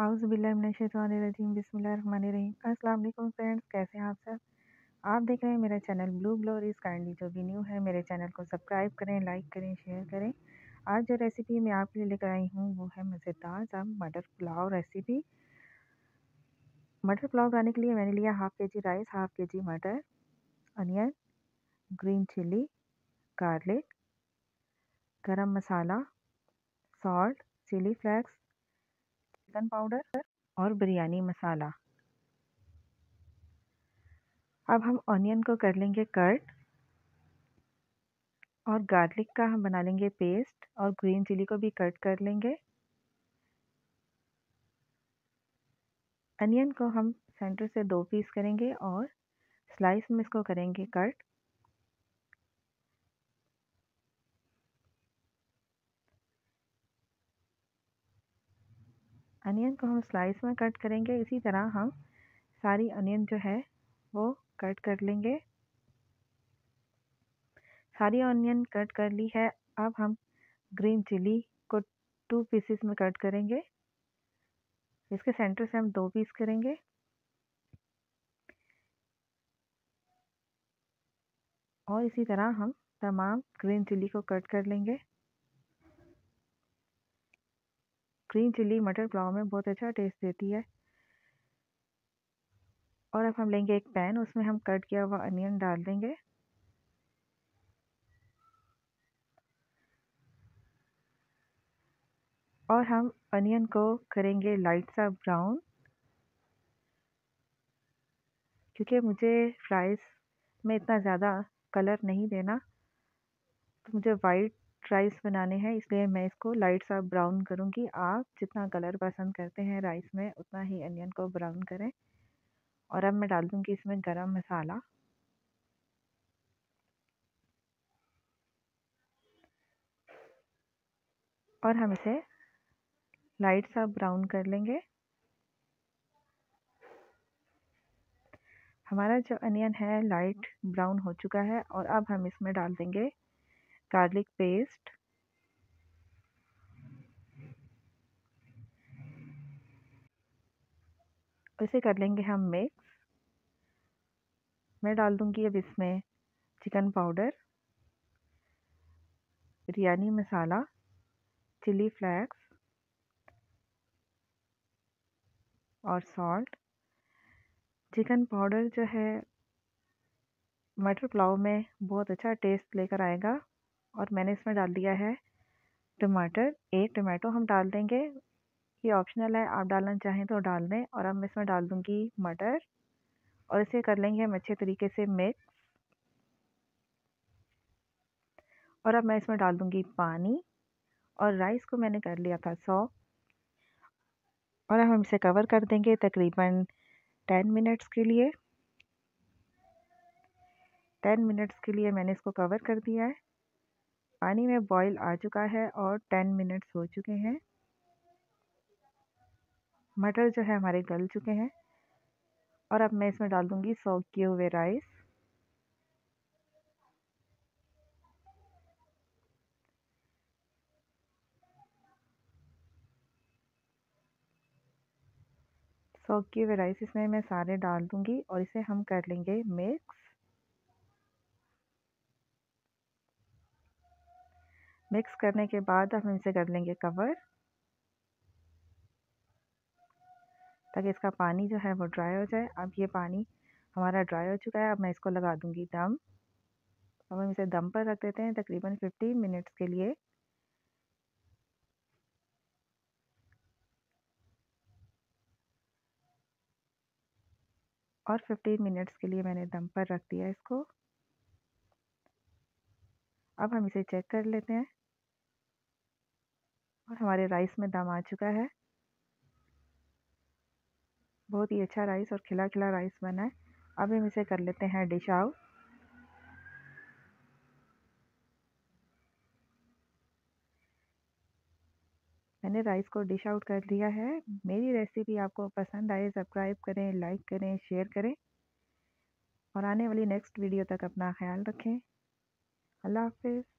हाउसबिल्लाशतवानरजीम अस्सलाम वालेकुम फ्रेंड्स कैसे हैं आप सब आप देख रहे हैं मेरा चैनल ब्लू ग्लोरीज काइंडली जो भी न्यू है मेरे चैनल को सब्सक्राइब करें लाइक करें शेयर करें आज जो रेसिपी मैं आपके लिए लेकर आई हूँ वो है मज़ेदार सा मटर पुलाव रेसिपी मटर पुलाव बनाने के लिए मैंने लिया half K G rice half K G मटर अनियन ग्रीन चिली गार्लिक गरम मसाला salt chilli flakes chicken powder और बिरयानी मसाला अब हम ऑनियन को कर लेंगे कट और गार्लिक का हम बना लेंगे पेस्ट और ग्रीन चिली को भी कट कर लेंगे अनियन को हम सेंटर से दो पीस करेंगे और स्लाइस में इसको करेंगे कट अनियन को हम स्लाइस में कट करेंगे इसी तरह हम सारी अनियन जो है वो कट कर लेंगे सारी ऑनियन कट कर ली है अब हम ग्रीन चिली को टू पीसेस में कट करेंगे इसके सेंटर से हम दो पीस करेंगे और इसी तरह हम तमाम ग्रीन चिली को कट कर लेंगे ग्रीन चिली मटर पुलाव में बहुत अच्छा टेस्ट देती है और अब हम लेंगे एक पैन उसमें हम कट किया हुआ अनियन डाल देंगे और हम अनियन को करेंगे लाइट सा ब्राउन क्योंकि मुझे फ्राइज़ में इतना ज़्यादा कलर नहीं देना तो मुझे वाइट राइस बनाने हैं इसलिए मैं इसको लाइट सा ब्राउन करूँगी आप जितना कलर पसंद करते हैं राइस में उतना ही अनियन को ब्राउन करें और अब मैं डाल दूँगी इसमें गरम मसाला और हम इसे लाइट सा ब्राउन कर लेंगे हमारा जो अनियन है लाइट ब्राउन हो चुका है और अब हम इसमें डाल देंगे garlic paste इसे कर लेंगे हम मिक्स मैं डाल दूंगी अब इसमें चिकन पाउडर बिरयानी मसाला चिली फ्लैक्स और सॉल्ट चिकन पाउडर जो है मटर पुलाव में बहुत अच्छा टेस्ट लेकर आएगा और मैंने इसमें डाल दिया है टमाटर एक टमाटो हम डाल देंगे ये ऑप्शनल है आप डालना चाहें तो डाल दें और अब मैं इसमें डाल दूँगी मटर और इसे कर लेंगे हम अच्छे तरीके से मिक्स और अब मैं इसमें डाल दूँगी पानी और राइस को मैंने कर लिया था सौ और अब हम इसे कवर कर देंगे तकरीबन टेन मिनट्स के लिए टेन मिनट्स के लिए मैंने इसको कवर कर दिया है पानी में बॉईल आ चुका है और टेन मिनट्स हो चुके हैं मटर जो है हमारे गल चुके हैं और अब मैं इसमें डाल दूंगी सौ किए हुए राइस सौ किए हुए राइस इसमें मैं सारे डाल दूंगी और इसे हम कर लेंगे मिक्स मिक्स करने के बाद हम इसे कर लेंगे कवर ताकि इसका पानी जो है वो ड्राई हो जाए अब ये पानी हमारा ड्राई हो चुका है अब मैं इसको लगा दूंगी दम अब हम इसे दम पर रख देते हैं तकरीबन 15 मिनट्स के लिए और 15 मिनट्स के लिए मैंने दम पर रख दिया इसको अब हम इसे चेक कर लेते हैं और हमारे राइस में दम आ चुका है बहुत ही अच्छा राइस और खिला खिला राइस बना है अब हम इसे कर लेते हैं डिश आउट मैंने राइस को डिश आउट कर दिया है मेरी रेसिपी आपको पसंद आए सब्सक्राइब करें लाइक करें शेयर करें और आने वाली नेक्स्ट वीडियो तक अपना ख्याल रखें अल्लाह हाफिज़